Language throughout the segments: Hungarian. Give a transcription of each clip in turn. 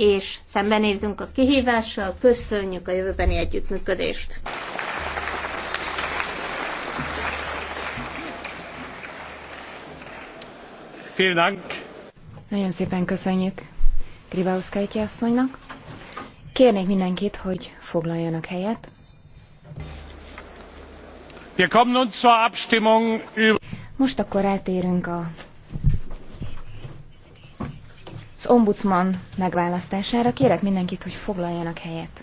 és szembenézünk a kihívással, köszönjük a jövőbeni együttműködést. Nagyon szépen köszönjük Gribauszkájti asszonynak. Kérnék mindenkit, hogy foglaljanak helyet. Most akkor átérünk a az ombudsman megválasztására. Kérek mindenkit, hogy foglaljanak helyet.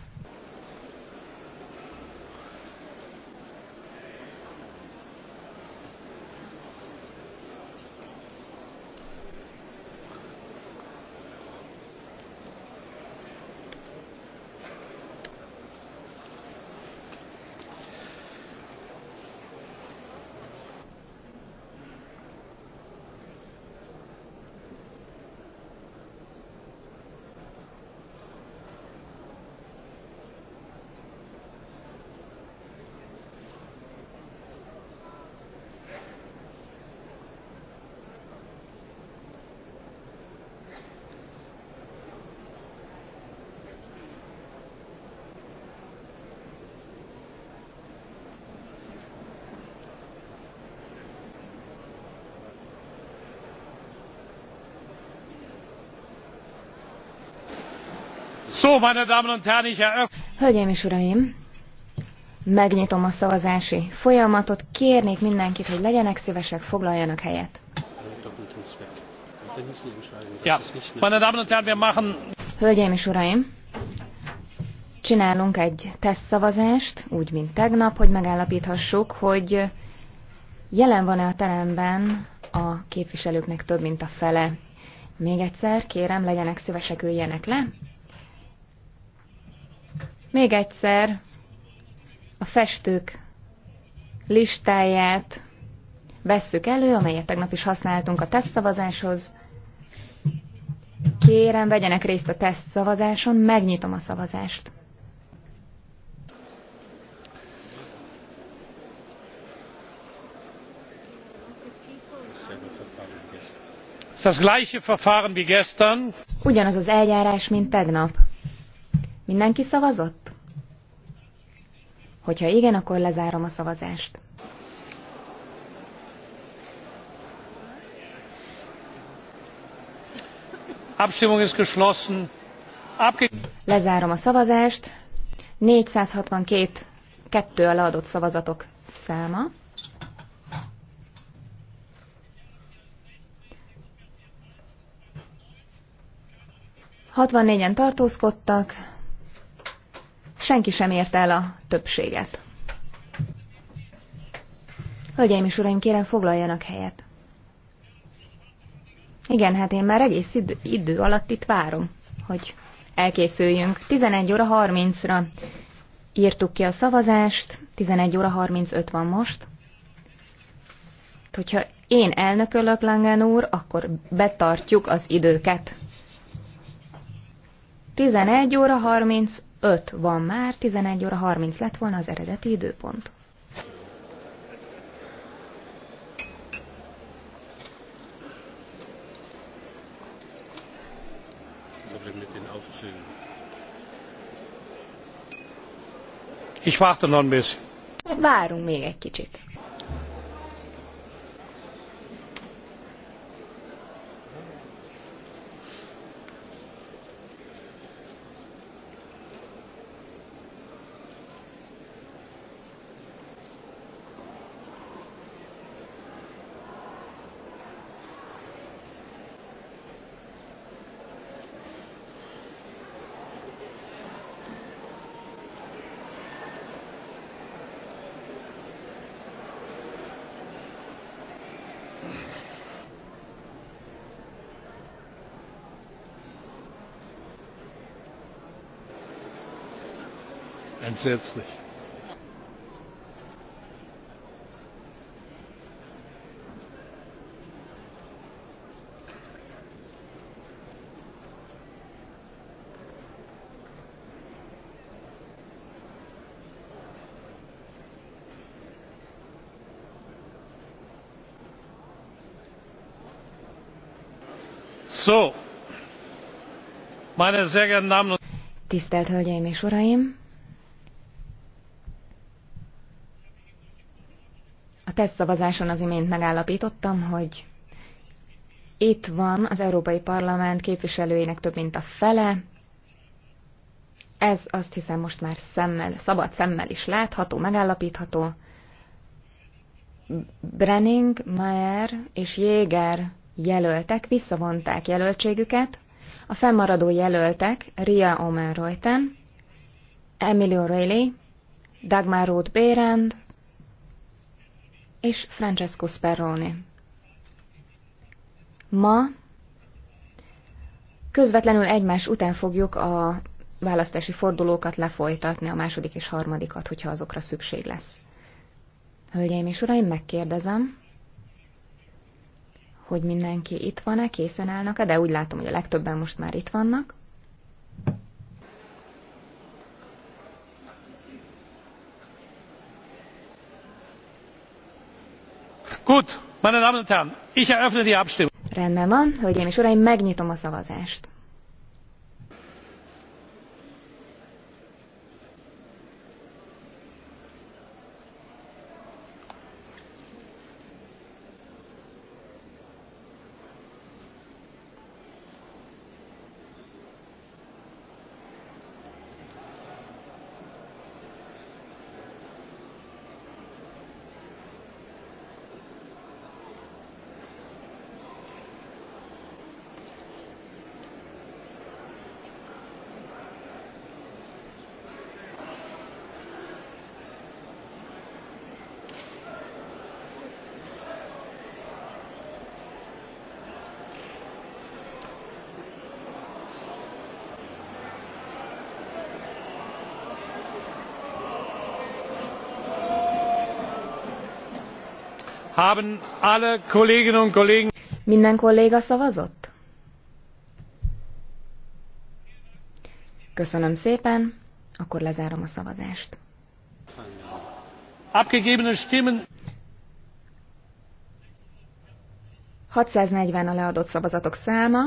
So, meine Damen und Herren, ich Hölgyeim és Uraim, megnyitom a szavazási folyamatot, kérnék mindenkit, hogy legyenek szívesek, foglaljanak helyet. Ja, meine Damen und Herren, wir machen... Hölgyeim és Uraim, csinálunk egy tesztszavazást, úgy, mint tegnap, hogy megállapíthassuk, hogy jelen van-e a teremben a képviselőknek több, mint a fele. Még egyszer, kérem, legyenek szívesek, üljenek le, még egyszer a festők listáját vesszük elő, amelyet tegnap is használtunk a tesztszavazáshoz. Kérem, vegyenek részt a tesztszavazáson, megnyitom a szavazást. Das gleiche Verfahren wie gestern. Ugyanaz az eljárás, mint tegnap. Mindenki szavazott? Hogyha igen, akkor lezárom a szavazást. Abstimmung ist geschlossen. Lezárom a szavazást. 462 kettő a leadott szavazatok száma. Hatvannégyen tartózkodtak, senki sem ért el a többséget. Hölgyeim és uraim, kérem foglaljanak helyet. Igen, hát én már egész idő, idő alatt itt várom, hogy elkészüljünk. 11 óra 30-ra írtuk ki a szavazást, 11 óra 35 van most. Hogyha én elnökölök, Langen úr, akkor betartjuk az időket. 11 óra 35 van már, 11 óra 30 lett volna az eredeti időpont. Ich warte noch ein bisschen. Várunk még egy kicsit. grundsätzlich. Tisztelt Hölgyeim és Uraim! szavazáson az imént megállapítottam, hogy itt van az Európai Parlament képviselőinek több mint a fele. Ez azt hiszem most már szemmel, szabad szemmel is látható, megállapítható. Brenning, Mayer és Jéger jelöltek, visszavonták jelöltségüket. A fennmaradó jelöltek Ria Omer Reuten, Emilio Reilly, Dagmar Ruth Bérend, és Francesco Sperroni. Ma közvetlenül egymás után fogjuk a választási fordulókat lefolytatni, a második és harmadikat, hogyha azokra szükség lesz. Hölgyeim és uraim, megkérdezem, hogy mindenki itt van-e, készen állnak-e, de úgy látom, hogy a legtöbben most már itt vannak. Rendben van, hölgyeim és uraim, megnyitom a szavazást. haben alle Kolleginnen und Kollegen minden kolléga szavazott? Köszönöm szépen, akkor lezárom a szavazást. Abgegebene Stimmen 640 a leadott szavazatok száma,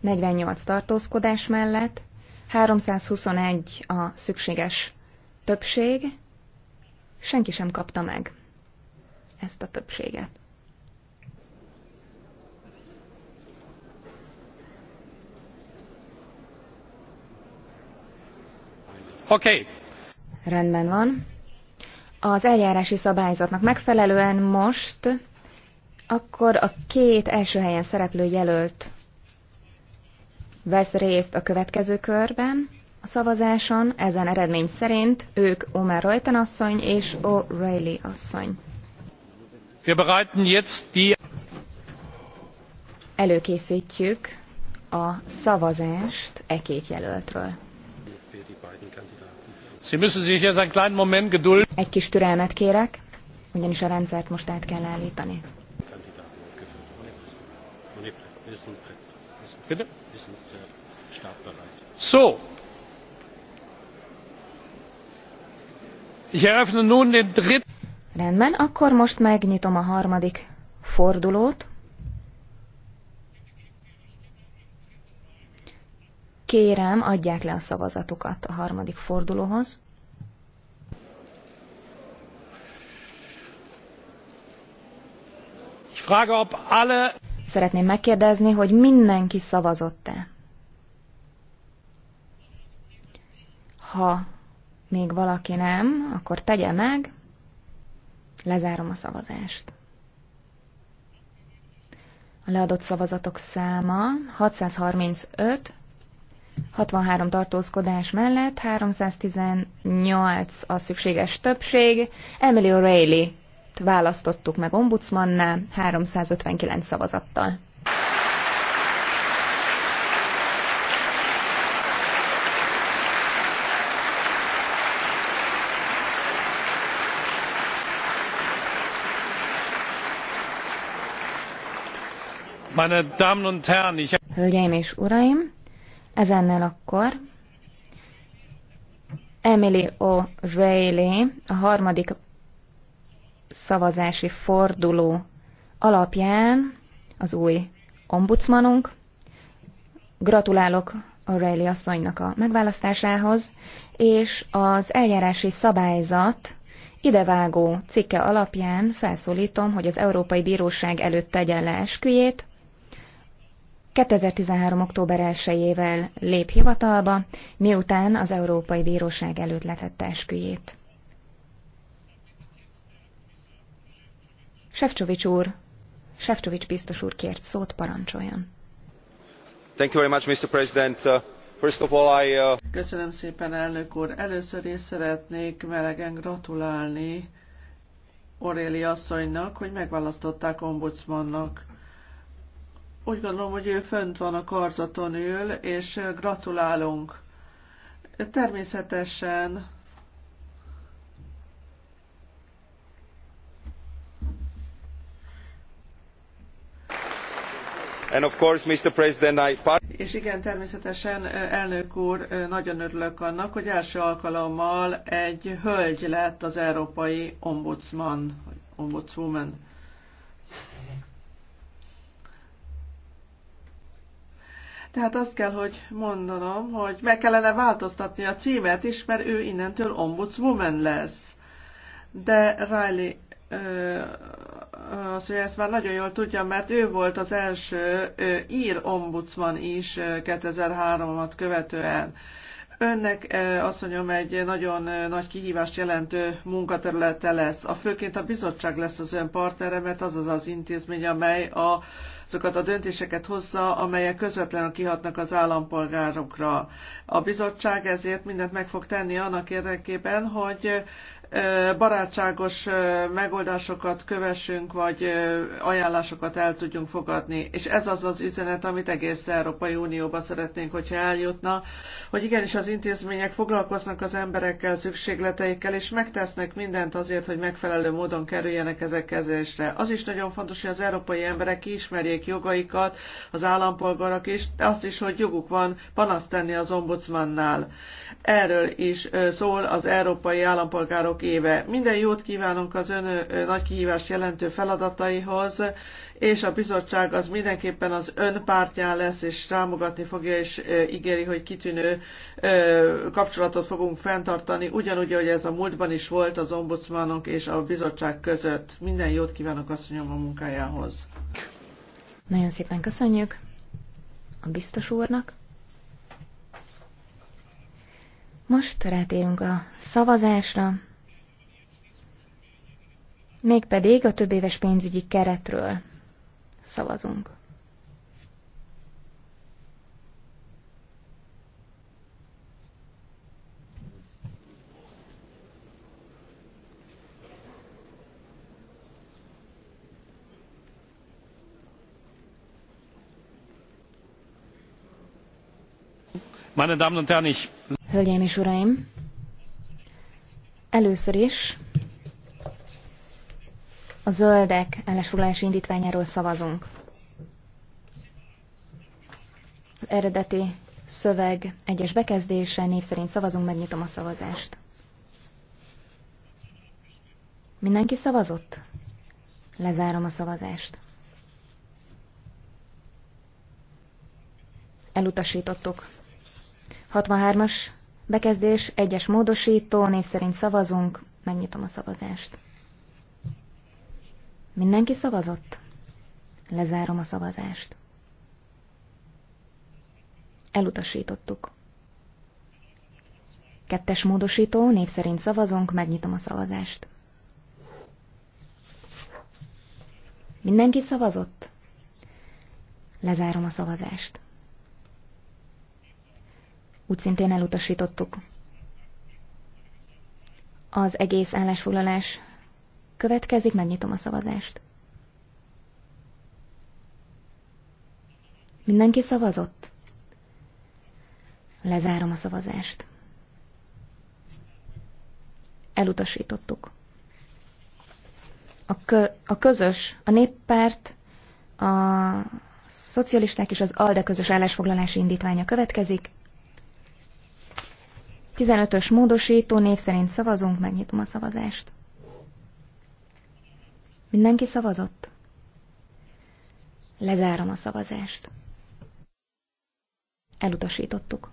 48 tartózkodás mellett, 321 a szükséges többség, senki sem kapta meg ezt a többséget. Oké. Okay. Rendben van. Az eljárási szabályzatnak megfelelően most akkor a két első helyen szereplő jelölt vesz részt a következő körben a szavazáson, ezen eredmény szerint ők Omer Reuton asszony és O'Reilly asszony. Wir bereiten jetzt die Előkészítjük a szavazást e két jelöltről. Sie müssen sich jetzt einen kleinen Moment Egy kis türelmet kérek, ugyanis a rendszert most át kell állítani. So. Ich eröffne nun den dritten. Rendben, akkor most megnyitom a harmadik fordulót. Kérem, adják le a szavazatukat a harmadik fordulóhoz. Szeretném megkérdezni, hogy mindenki szavazott-e? Ha még valaki nem, akkor tegye meg. Lezárom a szavazást. A leadott szavazatok száma 635, 63 tartózkodás mellett, 318 a szükséges többség, Emily O'Reilly választottuk meg ombudsmannál 359 szavazattal. Hölgyeim és uraim, ezennel akkor Emily O'Reilly a harmadik szavazási forduló alapján az új ombudsmanunk. Gratulálok O'Reilly asszonynak a megválasztásához, és az eljárási szabályzat idevágó cikke alapján felszólítom, hogy az Európai Bíróság előtt tegyen le esküjét, 2013. október 1-ével lép hivatalba, miután az Európai Bíróság előtt letette esküjét. Sefcsovics úr, Sefcsovics biztos úr kért szót, parancsoljon. Thank you very much, Mr. President. Uh, uh... Köszönöm szépen, elnök úr. Először is szeretnék melegen gratulálni Auréli asszonynak, hogy megválasztották ombudsmannak. Úgy gondolom, hogy ő fönt van a karzaton ül, és gratulálunk. Természetesen And of course, Mr. President, I... És igen, természetesen, elnök úr, nagyon örülök annak, hogy első alkalommal egy hölgy lett az európai ombudsman, ombudswoman. Tehát azt kell, hogy mondanom, hogy meg kellene változtatni a címet is, mert ő innentől ombudswoman lesz. De Riley azt, hogy ezt már nagyon jól tudja, mert ő volt az első ír ombudsman is 2003-at követően. Önnek, mondjam, egy nagyon nagy kihívást jelentő munkaterülete lesz. A főként a bizottság lesz az ön partnere, mert az az az intézmény, amely a azokat a döntéseket hozza, amelyek közvetlenül kihatnak az állampolgárokra. A bizottság ezért mindent meg fog tenni annak érdekében, hogy barátságos megoldásokat kövessünk, vagy ajánlásokat el tudjunk fogadni. És ez az az üzenet, amit egész Európai Unióba szeretnénk, hogyha eljutna, hogy igenis az intézmények foglalkoznak az emberekkel, szükségleteikkel, és megtesznek mindent azért, hogy megfelelő módon kerüljenek ezek kezelésre. Az is nagyon fontos, hogy az európai emberek kiismerjék jogaikat, az állampolgárok is, azt is, hogy joguk van panaszt tenni az ombudsmannál. Erről is szól az európai állampolgárok sok éve. Minden jót kívánunk az ön nagy kihívást jelentő feladataihoz, és a bizottság az mindenképpen az ön pártján lesz, és támogatni fogja, és ígéri, hogy kitűnő kapcsolatot fogunk fenntartani, ugyanúgy, hogy ez a múltban is volt az ombudsmanok és a bizottság között. Minden jót kívánok asszonyom a munkájához. Nagyon szépen köszönjük a biztos úrnak. Most rátérünk a szavazásra mégpedig a több éves pénzügyi keretről szavazunk. Hölgyeim és Uraim! Először is a zöldek állásfoglalási indítványáról szavazunk. Az eredeti szöveg egyes bekezdése, név szerint szavazunk, megnyitom a szavazást. Mindenki szavazott? Lezárom a szavazást. Elutasítottuk. 63-as bekezdés, egyes módosító, név szerint szavazunk, megnyitom a szavazást. Mindenki szavazott? Lezárom a szavazást. Elutasítottuk. Kettes módosító, név szerint szavazunk, megnyitom a szavazást. Mindenki szavazott? Lezárom a szavazást. Úgy szintén elutasítottuk. Az egész állásfoglalás következik, megnyitom a szavazást. Mindenki szavazott? Lezárom a szavazást. Elutasítottuk. A, kö, a közös, a néppárt, a szocialisták és az ALDE közös állásfoglalási indítványa következik. 15-ös módosító név szerint szavazunk, megnyitom a szavazást. Mindenki szavazott? Lezárom a szavazást. Elutasítottuk.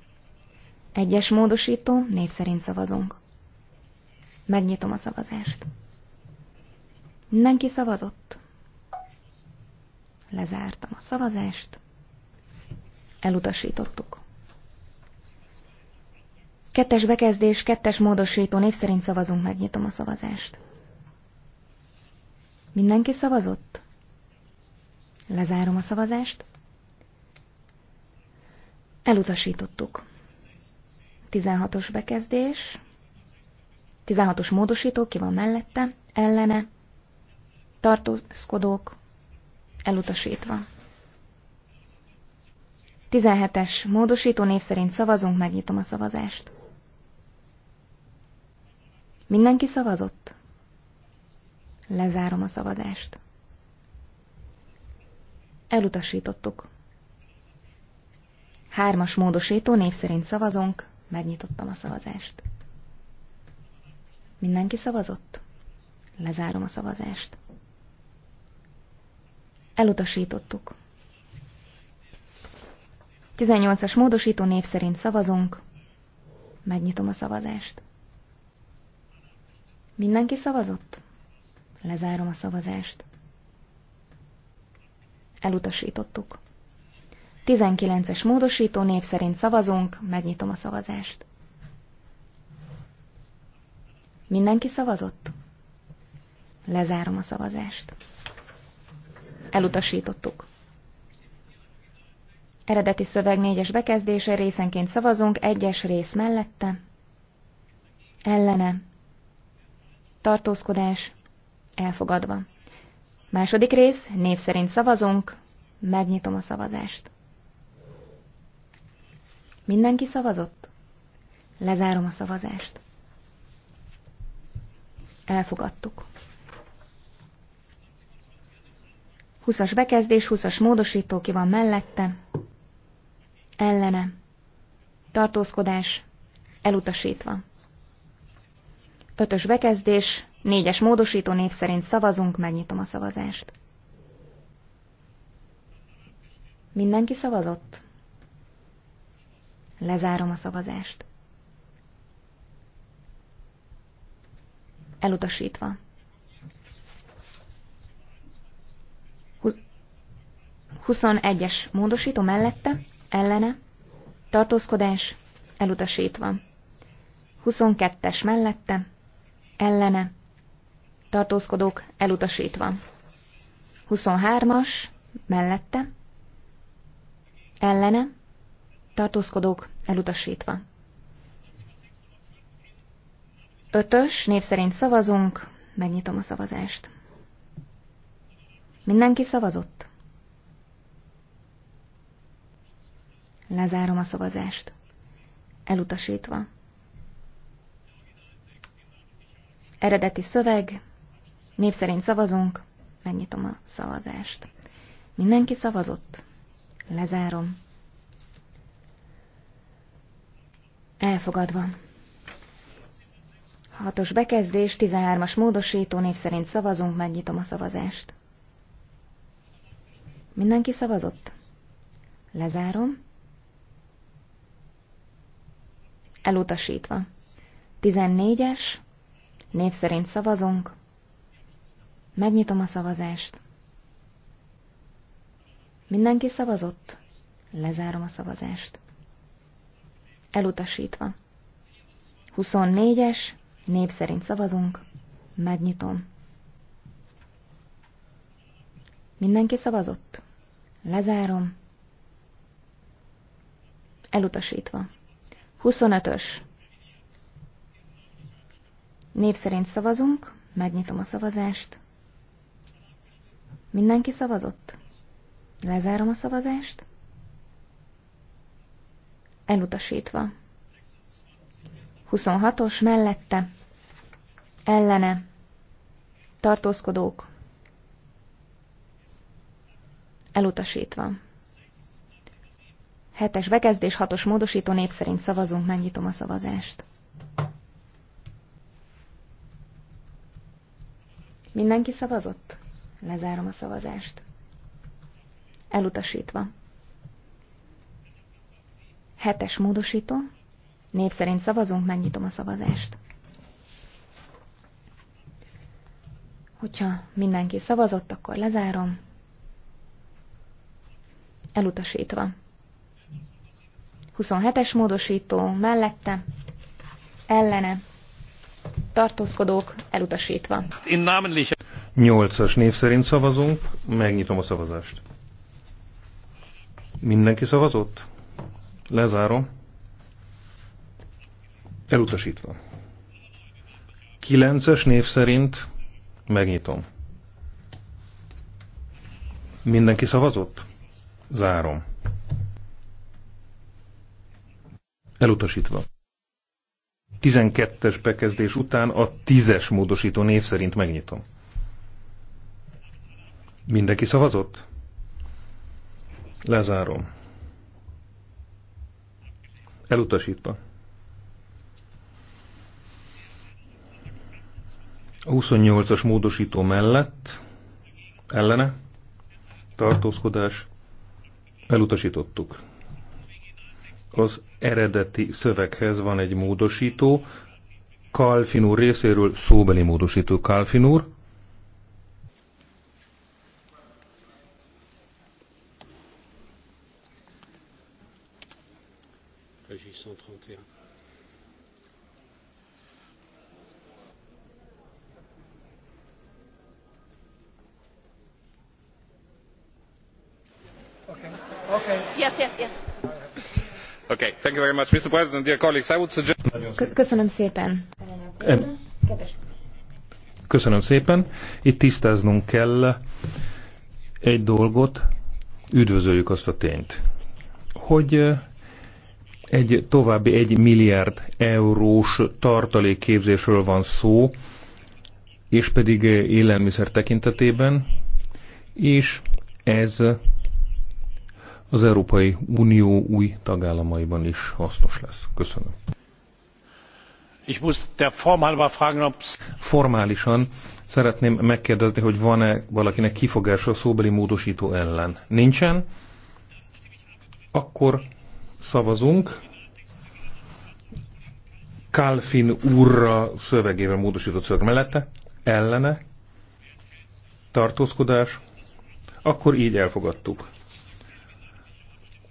Egyes módosító, négy szerint szavazunk. Megnyitom a szavazást. Mindenki szavazott. Lezártam a szavazást. Elutasítottuk. Kettes bekezdés, kettes módosító név szerint szavazunk, megnyitom a szavazást. Mindenki szavazott? Lezárom a szavazást. Elutasítottuk. 16-os bekezdés. 16-os módosító, ki van mellette, ellene, tartózkodók, elutasítva. 17-es módosító név szerint szavazunk, megnyitom a szavazást. Mindenki szavazott? Lezárom a szavazást. Elutasítottuk. Hármas módosító név szerint szavazunk, megnyitottam a szavazást. Mindenki szavazott? Lezárom a szavazást. Elutasítottuk. 18-as módosító név szerint szavazunk. Megnyitom a szavazást. Mindenki szavazott? Lezárom a szavazást. Elutasítottuk. 19-es módosító név szerint szavazunk, megnyitom a szavazást. Mindenki szavazott? Lezárom a szavazást. Elutasítottuk. Eredeti szöveg négyes bekezdése részenként szavazunk, egyes rész mellette. Ellene. Tartózkodás Elfogadva. Második rész, név szerint szavazunk, megnyitom a szavazást. Mindenki szavazott? Lezárom a szavazást. Elfogadtuk. 20-as bekezdés, 20-as módosító, ki van mellette, ellene, tartózkodás, elutasítva. Ötös bekezdés, négyes módosító név szerint szavazunk, megnyitom a szavazást. Mindenki szavazott? Lezárom a szavazást. Elutasítva. 21-es módosító mellette, ellene, tartózkodás, elutasítva. 22-es mellette, ellene, tartózkodók elutasítva. 23-as, mellette, ellene, tartózkodók elutasítva. Ötös, név szerint szavazunk, megnyitom a szavazást. Mindenki szavazott? Lezárom a szavazást. Elutasítva. Eredeti szöveg, név szerint szavazunk, megnyitom a szavazást. Mindenki szavazott? Lezárom. Elfogadva. Hatos bekezdés, 13-as módosító név szerint szavazunk, megnyitom a szavazást. Mindenki szavazott? Lezárom. Elutasítva. 14-es, Név szerint szavazunk. Megnyitom a szavazást. Mindenki szavazott? Lezárom a szavazást. Elutasítva. 24-es, név szerint szavazunk. Megnyitom. Mindenki szavazott? Lezárom. Elutasítva. 25-ös. Név szerint szavazunk, megnyitom a szavazást. Mindenki szavazott? Lezárom a szavazást. Elutasítva. 26-os mellette. Ellene. Tartózkodók. Elutasítva. Hetes bekezdés, hatos módosító név szerint szavazunk, megnyitom a szavazást. Mindenki szavazott? Lezárom a szavazást. Elutasítva. Hetes módosító. Név szerint szavazunk, megnyitom a szavazást. Hogyha mindenki szavazott, akkor lezárom. Elutasítva. 27-es módosító mellette, ellene, tartózkodók elutasítva. Nyolcas név szerint szavazunk, megnyitom a szavazást. Mindenki szavazott? Lezárom. Elutasítva. Kilences név szerint megnyitom. Mindenki szavazott? Zárom. Elutasítva. 12-es bekezdés után a 10-es módosító név szerint megnyitom. Mindenki szavazott? Lezárom. Elutasítva. A 28-as módosító mellett ellene tartózkodás elutasítottuk az eredeti szöveghez van egy módosító, Kalfinúr részéről szóbeli módosító Kalfinúr. Köszönöm szépen. Köszönöm szépen. Itt tisztáznunk kell egy dolgot. Üdvözöljük azt a tényt, hogy egy további egy milliárd eurós tartalékképzésről van szó, és pedig élelmiszer tekintetében, és ez az Európai Unió új tagállamaiban is hasznos lesz. Köszönöm. Ich muss der formal fragen, ob... Formálisan szeretném megkérdezni, hogy van-e valakinek kifogása a szóbeli módosító ellen. Nincsen? Akkor szavazunk. Kálfin úrra szövegével módosított szöveg mellette, ellene, tartózkodás, akkor így elfogadtuk.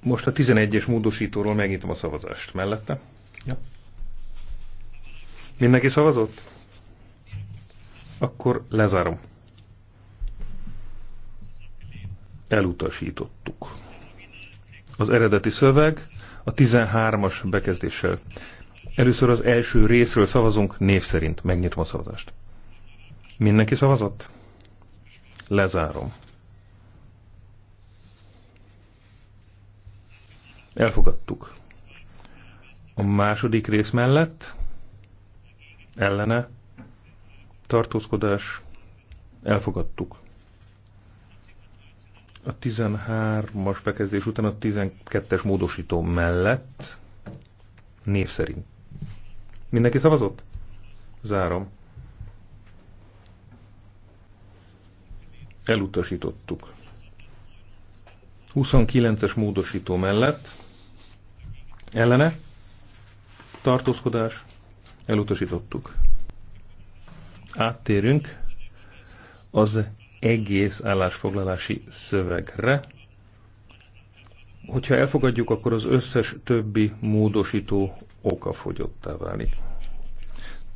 Most a 11-es módosítóról megnyitom a szavazást. Mellette? Ja. Mindenki szavazott? Akkor lezárom. Elutasítottuk. Az eredeti szöveg a 13-as bekezdéssel. Először az első részről szavazunk név szerint. Megnyitom a szavazást. Mindenki szavazott? Lezárom. Elfogadtuk. A második rész mellett ellene tartózkodás elfogadtuk. A 13-as bekezdés után a 12-es módosító mellett név szerint. Mindenki szavazott? Zárom. Elutasítottuk. 29-es módosító mellett Ellene? Tartózkodás? Elutasítottuk. Áttérünk az egész állásfoglalási szövegre. Hogyha elfogadjuk, akkor az összes többi módosító fogyottá válik.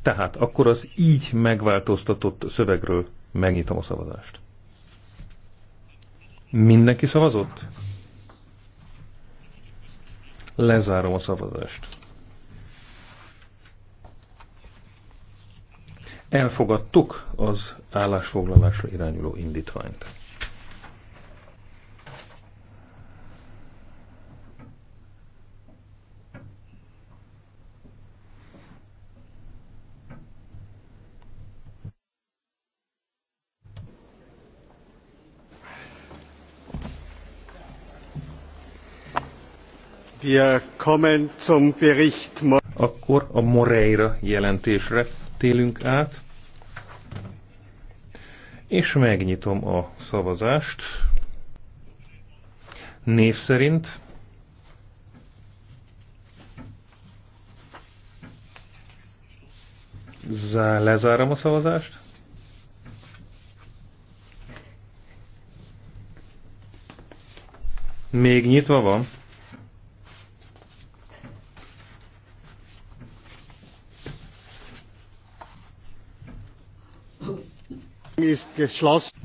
Tehát akkor az így megváltoztatott szövegről megnyitom a szavazást. Mindenki szavazott? Lezárom a szavazást. Elfogadtuk az állásfoglalásra irányuló indítványt. Akkor a Moreira jelentésre télünk át, és megnyitom a szavazást. Név szerint lezárom a szavazást. Még nyitva van.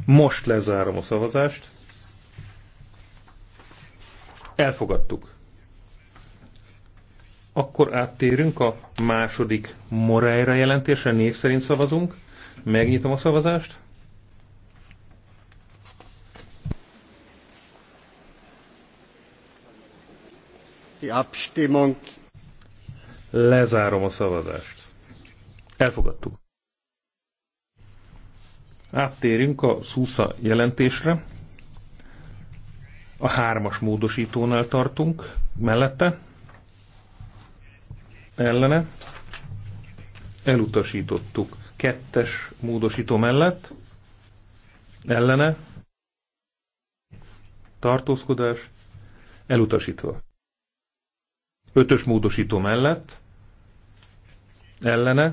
Most lezárom a szavazást. Elfogadtuk. Akkor áttérünk a második Moreira jelentésre, név szerint szavazunk. Megnyitom a szavazást. Die Abstimmung. Lezárom a szavazást. Elfogadtuk. Áttérünk a SUSA jelentésre. A hármas módosítónál tartunk, mellette, ellene, elutasítottuk. Kettes módosító mellett, ellene, tartózkodás, elutasítva. Ötös módosító mellett, ellene,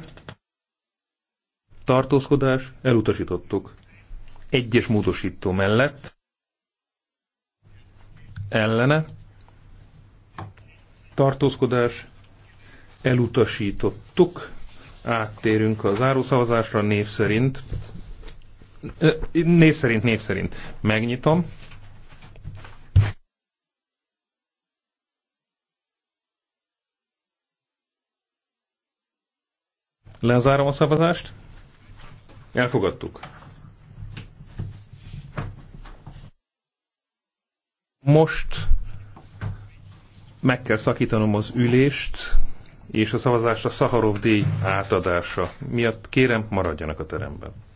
tartózkodás, elutasítottuk. Egyes módosító mellett, ellene, tartózkodás, elutasítottuk. Áttérünk a zárószavazásra név szerint. Név szerint, név szerint. Megnyitom. Lezárom a szavazást. Elfogadtuk. Most meg kell szakítanom az ülést, és a szavazást a Szaharov díj átadása miatt kérem maradjanak a teremben.